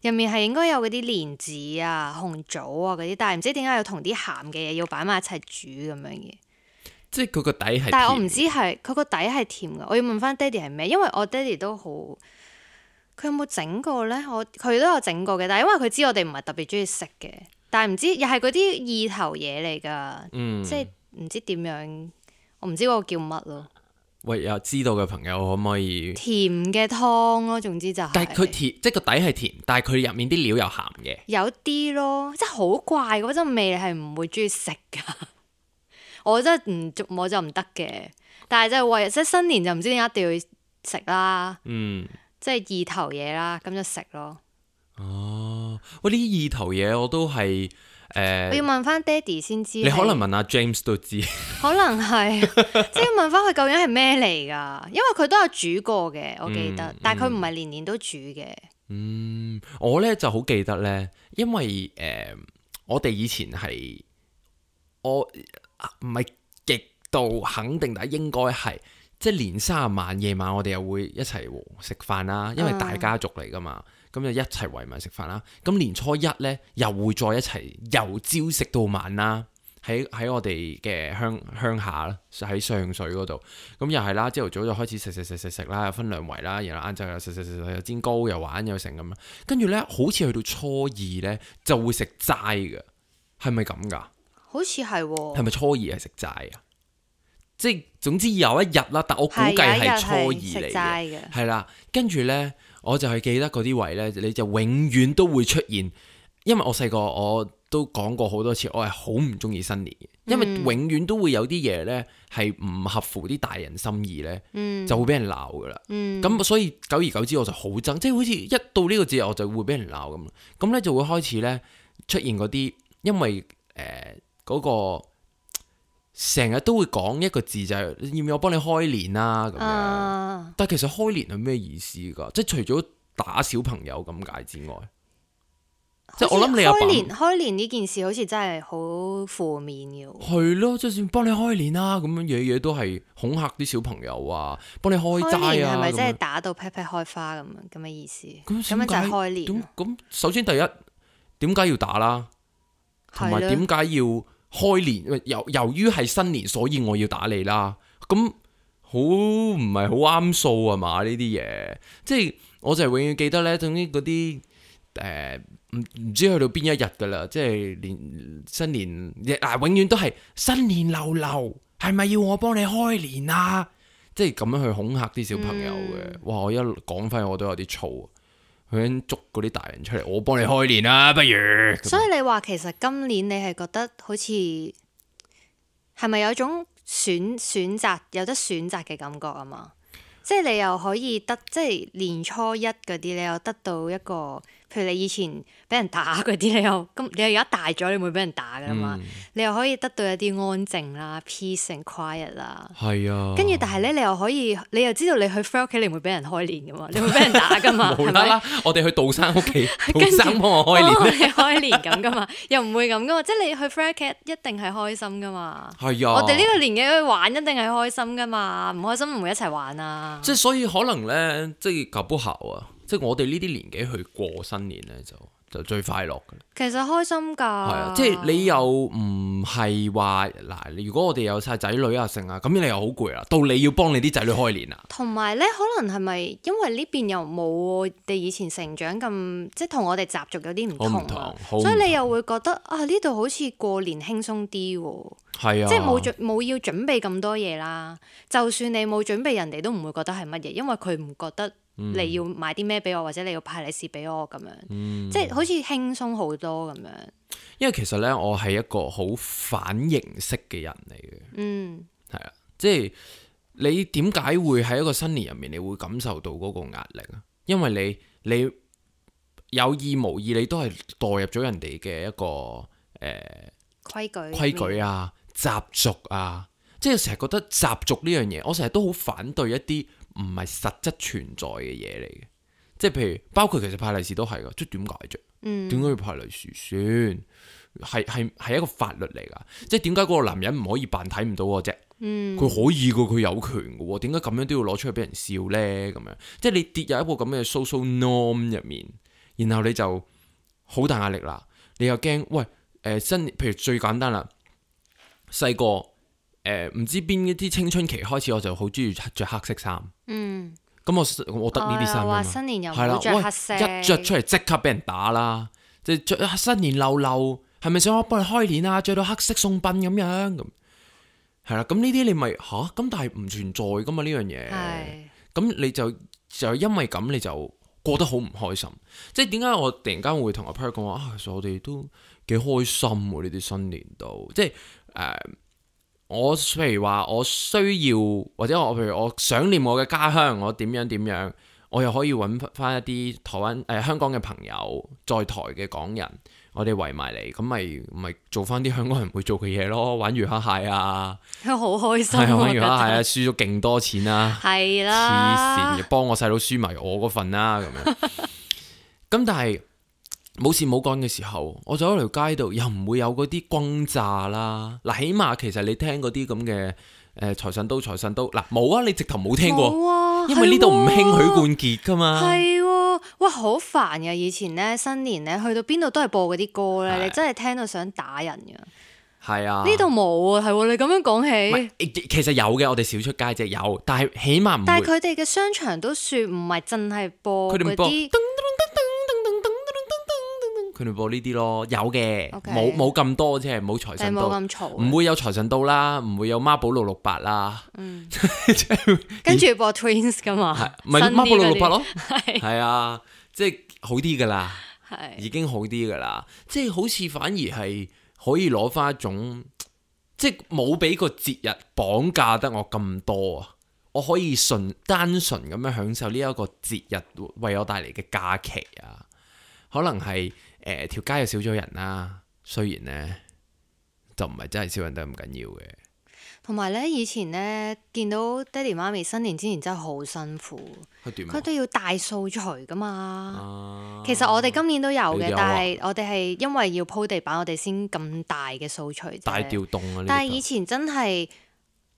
入面係應該有嗰啲蓮子啊、紅棗啊嗰啲，但係唔知點解有同啲鹹嘅嘢要擺埋一齊煮咁樣嘅。即係佢個底係甜，但係我唔知係佢個底係甜嘅。我要問翻爹哋係咩，因為我爹哋都好。佢有冇整過咧？我佢都有整過嘅，但係因為佢知我哋唔係特別中意食嘅，但係唔知又係嗰啲意頭嘢嚟噶，嗯、即係唔知點樣，我唔知嗰個叫乜咯。喂，有知道嘅朋友，可唔可以？甜嘅湯咯，總之就係、是。但係佢甜，即係個底係甜，但係佢入面啲料又鹹嘅。有啲咯，即係好怪嗰種味，係唔會中意食噶。我真係唔我就唔得嘅，但係就為、是、即新年就唔知點解一定要食啦。嗯。即係意頭嘢啦，咁就食咯。哦，喂，呢啲意頭嘢我都係誒，呃、我要問翻爹哋先知你。你可能問下、啊、James 都知，可能係， 即係問翻佢究竟係咩嚟噶？因為佢都有煮過嘅，嗯、我記得，但係佢唔係年年都煮嘅。嗯，我咧就好記得咧，因為誒、呃，我哋以前係我唔係極度肯定，但係應該係。即係年卅晚夜晚，晚我哋又會一齊食飯啦，因為大家族嚟㗎嘛，咁、嗯、就一齊圍埋食飯啦。咁年初一呢，又會再一齊由朝食到晚啦，喺喺我哋嘅鄉鄉下啦，喺上水嗰度。咁又係啦，朝頭早就開始食食食食食啦，又、啊、分兩圍啦，然後晏晝又食食食食，又煎糕又玩又成咁樣。跟住呢，好似去到初二呢，就會食齋㗎，係咪咁㗎？好似係、哦。係咪初二係食齋啊？即係總之有一日啦，但我估計係初二嚟嘅，係啦。跟住呢，我就係記得嗰啲位呢，你就永遠都會出現。因為我細個我都講過好多次，我係好唔中意新年，因為永遠都會有啲嘢呢係唔合乎啲大人心意呢，就會俾人鬧噶啦。咁、嗯嗯、所以久而久之，我就好憎，即係好似一到呢個節日，我就會俾人鬧咁。咁呢就會開始呢出現嗰啲，因為誒嗰、呃嗰個。成日都會講一個字，就係、是、要唔要我幫你開年啦咁樣。呃、但係其實開年係咩意思噶？即係除咗打小朋友咁解之外，即係我諗你阿開年開年呢件事好，好似真係好負面嘅。係咯，即係算幫你開年啦、啊，咁樣嘢嘢都係恐嚇啲小朋友啊，幫你開齋啊。開係咪真係打到劈劈 t 開花咁樣咁嘅意思？咁樣，樣就開年。咁首先第一，點解要打啦？同埋點解要？開年，由由於係新年，所以我要打你啦。咁好唔係好啱數啊嘛？呢啲嘢，即係我就係永遠記得呢，總之嗰啲誒，唔、呃、唔知去到邊一日噶啦。即係連新年，嗱、啊、永遠都係新年流流，係咪要我幫你開年啊？即係咁樣去恐嚇啲小朋友嘅。嗯、哇！我一講翻我都有啲燥。想捉嗰啲大人出嚟，我幫你開年啦，不如。所以你話其實今年你係覺得好似係咪有種選選擇有得選擇嘅感覺啊嘛？即係你又可以得，即係年初一嗰啲，你又得到一個。譬如你以前俾人打嗰啲，你又咁，你又而家大咗，你唔會俾人打噶嘛？你又可以得到一啲安靜啦，peace and quiet 啦。係啊。跟住，但係咧，你又可以，你又知道 ers, 你去 friend 屋企，你唔會俾人開年噶嘛？你會俾人打噶嘛？唔得啦！我哋去杜生屋企，杜生開年，開年咁噶嘛？又唔會咁噶嘛？即係你去 friend 一定係開心噶嘛？係啊。我哋呢個年紀去玩一定係開心噶嘛？唔開心唔會一齊玩啊。即係所以可能咧，即係搞不好啊、ouais。即係我哋呢啲年紀去過新年咧，就就最快樂嘅。其實開心㗎，係啊，即係你又唔係話嗱，如果我哋有晒仔女啊，剩啊，咁你又好攰啊，到你要幫你啲仔女開年啊。同埋咧，可能係咪因為呢邊又冇我哋以前成長咁，即係同我哋習俗有啲唔同，啊、同，同所以你又會覺得啊，呢度好似過年輕鬆啲喎，啊，啊即係冇準冇要準備咁多嘢啦。就算你冇準備，人哋都唔會覺得係乜嘢，因為佢唔覺得。你要買啲咩俾我，或者你要派利、嗯、是俾我咁樣，即係好似輕鬆好多咁樣。因為其實呢，我係一個好反形式嘅人嚟嘅。嗯，係啦，即、就、係、是、你點解會喺一個新年入面，你會感受到嗰個壓力啊？因為你你有意無意，你都係代入咗人哋嘅一個誒、呃、規矩、規矩啊、嗯、習俗啊，即係成日覺得習俗呢樣嘢，我成日都好反對一啲唔係實質存在嘅嘢嚟嘅，即係譬如包括其實派利是都係噶，即係點解啫？嗯，點解要派利是算？係係係一個法律嚟噶，即係點解嗰個男人唔可以扮睇唔到我啫？嗯，佢可以噶，佢有權噶，點解咁樣都要攞出去俾人笑呢？咁樣，即係你跌入一個咁嘅 social norm 入面，然後你就好大壓力啦。你又驚喂？誒、呃，新譬如最簡單啦，細個。誒，唔、呃、知邊一啲青春期開始，我就好中意着黑色衫。嗯，咁我我覺得呢啲衫新年又唔好着黑色，一着出嚟，即刻俾人打啦！即係着新年流流，係咪想我幫你開年啊？着到黑色送殯咁樣咁，係啦。咁呢啲你咪吓咁，但係唔存在噶嘛呢樣嘢。咁是你就就因為咁，你就過得好唔開心。嗯、即係點解我突然間會同阿 pair 講話啊？其實我哋都幾開心嘅呢啲新年度，即係誒。呃我譬如話，我需要或者我譬如我想念我嘅家鄉，我點樣點樣，我又可以揾翻一啲台灣誒、呃、香港嘅朋友，在台嘅港人，我哋圍埋嚟，咁咪咪做翻啲香港人會做嘅嘢咯，玩魚蝦蟹啊，佢好開心，係啊，玩魚蝦蟹啊，輸咗勁多錢啦，係啦，黐線，幫我細佬輸埋我嗰份啦、啊，咁樣，咁但係。冇事冇幹嘅時候，我走喺條街度又唔會有嗰啲轟炸啦。嗱，起碼其實你聽嗰啲咁嘅誒財神都，財神都，嗱，冇啊！你直頭冇聽過啊，因為呢度唔興許冠傑噶嘛。係喎，哇，好煩嘅！以前咧新年咧去到邊度都係播嗰啲歌咧，你真係聽到想打人嘅。係啊，呢度冇啊，係喎！你咁樣講起，其實有嘅，我哋少出街就有，但係起碼唔。但係佢哋嘅商場都算唔係真係播嗰啲。佢哋播呢啲咯，有嘅，冇冇咁多即係冇財神，冇咁嘈，唔會有財神到啦，唔會有孖寶六六八啦。嗯， 跟住要播 Twins 噶嘛，係咪孖寶六六八咯？係啊的，即係好啲噶啦，係的已經好啲噶啦，即係好似反而係可以攞翻一種，即係冇俾個節日綁架得我咁多啊！我可以純單純咁樣享受呢一個節日為我帶嚟嘅假期啊，可能係。誒條、呃、街又少咗人啦，雖然呢，就唔係真係少人都唔緊要嘅。同埋呢，以前呢，見到爹地媽咪新年之前真係好辛苦，佢、啊啊、都要大掃除噶嘛。啊、其實我哋今年都有嘅，有啊、但係我哋係因為要鋪地板我，我哋先咁大嘅掃除。大調動啊！但係以前真係。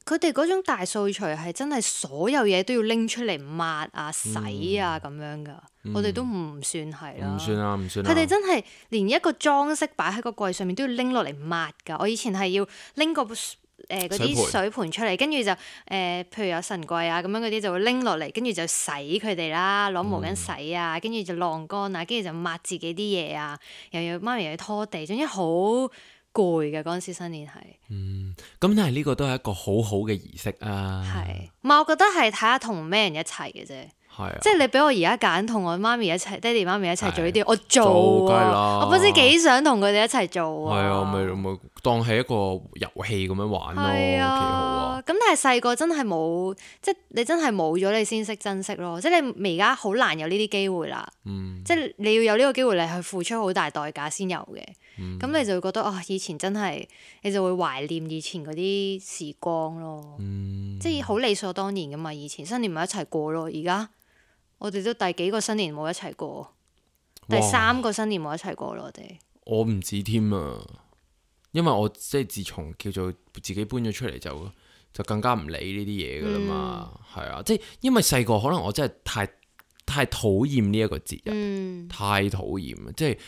佢哋嗰種大掃除係真係所有嘢都要拎出嚟抹啊洗啊咁、嗯、樣噶，我哋都唔算係啦，唔算啊唔算啊！佢哋真係連一個裝飾擺喺個櫃上面都要拎落嚟抹噶。我以前係要拎個誒嗰啲水盤出嚟，跟住就誒、呃，譬如有神櫃啊咁樣嗰啲就會拎落嚟，跟住就洗佢哋啦，攞毛巾洗啊，跟住就晾乾啊，跟住就抹自己啲嘢啊，又要媽咪又要拖地，總之好～攰嘅嗰陣時，新年係。嗯，咁但係呢個都係一個好好嘅儀式啊。係，唔係我覺得係睇下同咩人一齊嘅啫。係、啊，即係你俾我而家揀同我媽咪一齊、爹哋媽咪一齊做呢啲，啊、我做啊！我本身幾想同佢哋一齊做啊。係啊，咪咪當係一個遊戲咁樣玩咯，幾好啊！咁但係細個真係冇，即係你真係冇咗你先識珍惜咯。即係你而家好難有呢啲機會啦。嗯、即係你要有呢個機會，你去付出好大代價先有嘅。咁、嗯、你就會覺得啊，以前真係你就會懷念以前嗰啲時光咯，嗯、即係好理所當然噶嘛。以前新年咪一齊過咯，而家我哋都第幾個新年冇一齊過？哇第三個新年冇一齊過咯，我哋。我唔止添啊，因為我即係自從叫做自己搬咗出嚟就就更加唔理呢啲嘢噶啦嘛。係、嗯、啊，即係因為細個可能我真係太太討厭呢一個節日，嗯、太討厭啊，即係。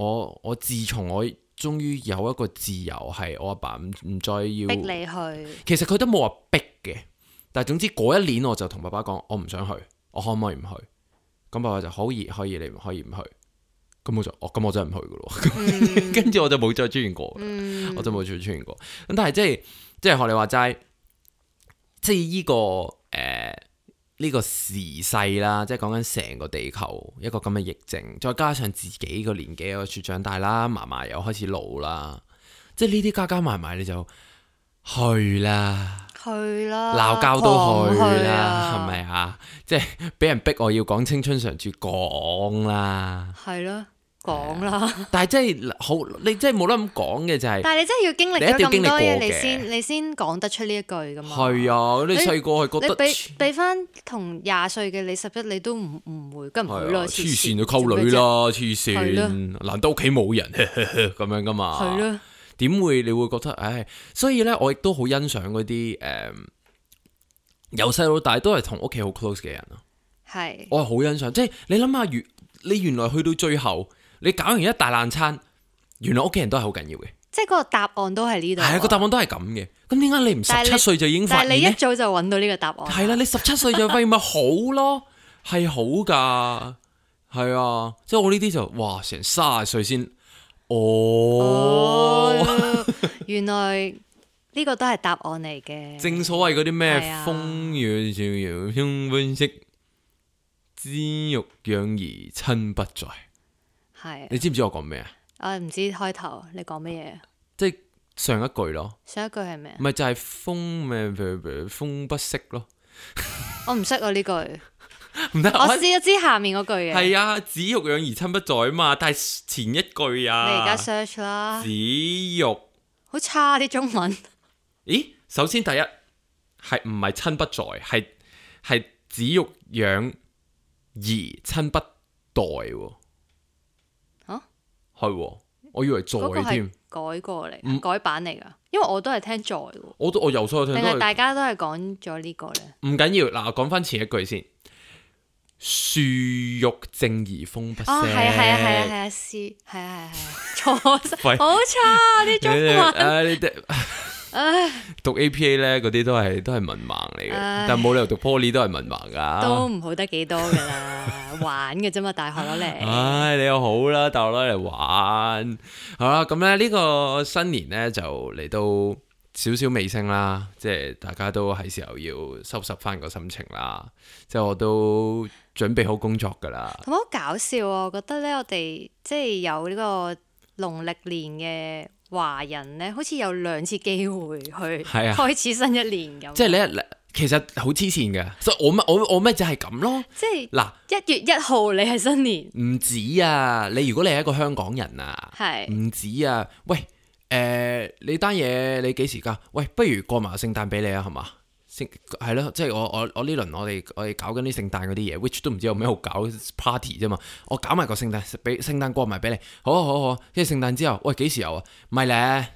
我我自從我終於有一個自由，係我阿爸唔唔再要逼你去。其實佢都冇話逼嘅，但係總之嗰一年我就同爸爸講，我唔想去，我可唔可以唔去？咁爸爸就好易，可以你唔可以唔去？咁我就哦，咁我真係唔去噶咯。跟住、嗯、 我就冇再，、嗯、再出現過，我就冇再出現過。咁但係即係即係學你話齋，即係呢、呢個誒。呃呢個時勢啦，即係講緊成個地球一個咁嘅疫症，再加上自己個年紀又開始長大啦，嫲嫲又開始老啦，即係呢啲加加埋埋你就去啦，去啦，鬧交都去啦，係咪啊，啊？即係俾人逼我要講青春常駐，講啦，係咯。講啦，說 但係真係好，你真係冇得咁講嘅就係、是，但係你真係要經歷咗咁多嘢嚟 先，你先講得出呢一句咁啊。係啊以，你細個係覺得，你俾俾翻同廿歲嘅你十一，你都唔唔會跟唔會黐線就溝女啦，黐線、啊，難得屋企冇人咁 樣噶嘛。係咯對了，點會你會覺得唉？所以咧，我亦都好欣賞嗰啲誒，由細到大都係同屋企好 close 嘅人咯。係，對 我係好欣賞，即係你諗下，原你原來去到最後。你搞完一大爛餐，原來屋企人都係好緊要嘅，即係嗰個答案都係呢度，係啊，個答案都係咁嘅。咁點解你唔十七歲就已經發現？但係你，你一早就搵到呢個答案。係啦，啊，你十七歲就喂咪好咯，係 好噶，係啊。即係我呢啲就哇，成三十歲先哦。原來呢 個都係答案嚟嘅。正所謂嗰啲咩風雨少有，歡色知育養兒親不在。係，啊、你知唔知我講咩啊？我唔知開頭你講咩嘢，即係上一句咯。上一句係咩啊？唔係就係風咩、呃呃呃？風不息咯。 我唔識啊呢句。唔得，我試一試下面嗰句嘅。係啊，子欲養而親不在啊嘛。但係前一句啊，你而家 search 啦。子欲好差啲、啊、中文。 咦？首先第一係唔係親不在，係係子欲養而親不待。係、哦，我以為在添，改過嚟，唔、嗯、改版嚟噶，因為我都係聽在喎，我由都我由細聽，定係大家都係講咗呢個咧。唔緊要，嗱，我講翻前一句先，樹欲正而風不息，係啊係啊係啊係啊，C，係啊係啊係啊，錯，好差呢種唉讀 APA 咧，嗰啲都係都係文盲嚟嘅，唉但係冇理由讀 Poly 都係文盲噶，啊，都唔好得幾多噶啦， 玩嘅啫嘛，大學攞嚟。唉，你又好啦，大學攞嚟玩，好啦。咁咧呢個新年咧就嚟到少少尾聲啦，即係大家都喺時候要收拾翻個心情啦，即係我都準備好工作噶啦。咁好搞笑啊！我覺得咧，我哋即係有呢個農曆年嘅。華人咧，好似有兩次機會去、啊、開始新一年咁。即係你，其實好黐綫嘅，所以我我我咩就係咁咯。即係嗱，一月一號你係新年，唔止啊！你如果你係一個香港人啊，係唔止啊！喂，誒、呃，你單嘢你幾時交？喂，不如過埋聖誕俾你啊，係嘛？先係咯，即係我我我呢輪我哋我哋搞緊啲聖誕嗰啲嘢，which 都唔知有咩好搞 party 啫嘛。我搞埋個聖誕俾聖誕過埋俾你，好好好。即係聖誕之後，喂幾時有啊？唔係咧，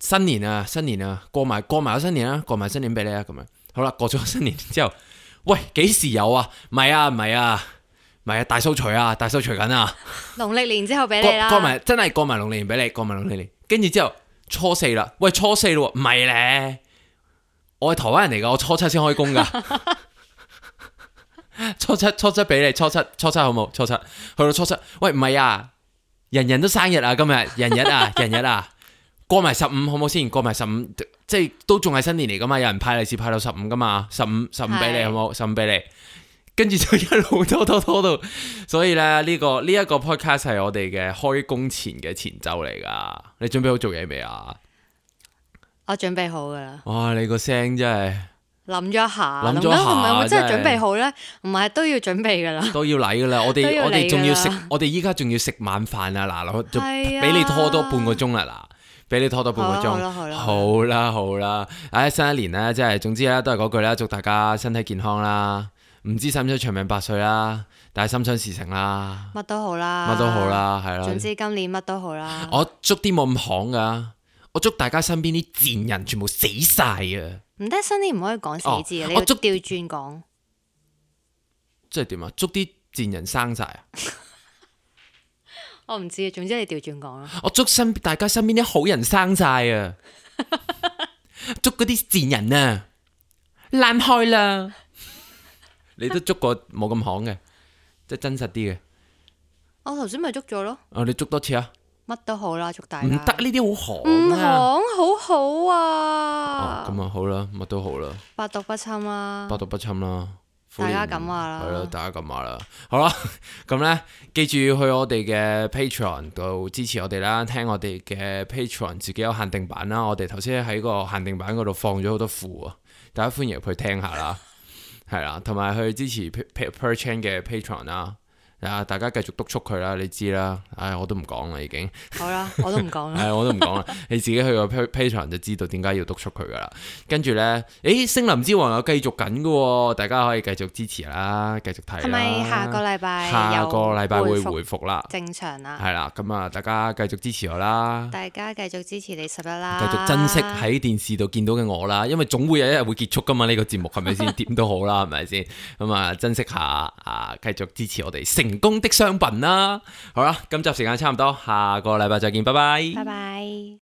新年啊新年啊，過埋過埋新年啊，過埋新年俾你啊。咁樣好啦，過咗新年之後，喂幾時有啊？唔係啊唔係啊唔係啊，大掃除啊大掃除緊啊。農曆年之後俾你啦，過埋真係過埋農曆年俾你，過埋農曆年。跟住之後初四啦，喂初四啦，唔係咧。我係台灣人嚟噶，我初七先開工噶。 初七初七俾你，初七初七好冇？初七去到初七，喂唔係啊！人人都生日啊，今日人日啊，人日啊，過埋十五好冇先？過埋十五，即係都仲係新年嚟噶嘛？有人派利是派到十五噶嘛？十五十五俾你好冇？十五俾你，你，是跟住就一路拖拖拖到。所以咧、呢、呢個呢一、呢個 podcast 係我哋嘅開工前嘅前奏嚟噶。你準備好做嘢未啊？我準備好噶啦！哇，你個聲真係諗咗下，諗咗下，唔係我真係準備好咧？唔係都要準備噶啦，都要嚟噶啦！我哋我哋仲要食，我哋依家仲要食晚飯啊！嗱，攞俾你拖多半個鐘啦！嗱，俾你拖多半個鐘，好啦好啦！誒，新一年咧，即係總之咧，都係嗰句啦，祝大家身體健康啦，唔知使唔使長命百歲啦，但係心想事成啦，乜都好啦，乜都好啦，係啦，總之今年乜都好啦。我祝啲冇咁行噶～我祝大家身邊啲賤人全部死晒啊！唔得，新年唔可以講死字啊！你祝調轉講，即係點啊？祝啲賤人生晒啊！我唔知，總之你調轉講啦。我祝身大家身邊啲好人生晒啊！祝嗰啲賤人啊，爛開啦！你都祝過冇咁行嘅，即係真實啲嘅。我頭先咪祝咗咯。我你祝多次啊！乜都好啦，祝大家。唔得，呢啲好行，唔行，好好啊。咁 啊，好啦，乜都好啦。百毒不侵啦、啊。百毒不侵啦、啊林。大家咁話啦。係咯，大家咁話啦。好啦，咁咧，記住去我哋嘅 Patreon 度支持我哋啦，聽我哋嘅 Patreon 自己有限定版啦。我哋頭先喺個限定版嗰度放咗好多副，大家歡迎去聽，聽下啦。係啦，同埋去支持、P P、per chain 嘅 Patreon 啦。啊！大家繼續督促佢啦，你知啦。唉、哎，我都唔講啦，已經。 好啦，我都唔講啦。係、 哎，我都唔講啦。你自己去個 Patreon 就知道點解要督促佢噶啦。跟住呢，誒，聖林之王又繼續緊噶、哦，大家可以繼續支持啦，繼續睇。係咪下個禮拜、啊？下個禮拜會回復啦。正常、啊、啦。係啦，咁啊，大家繼續支持我啦。大家繼續支持你拾壹啦。繼續珍惜喺電視度見到嘅我啦，因為總會有一日會結束噶嘛。呢、這個節目係咪先？點 都好啦，係咪先？咁啊，珍惜下啊，繼續支持我哋人工的商品啦，好啦，今集時間差唔多，下個禮拜再見，拜拜，拜拜。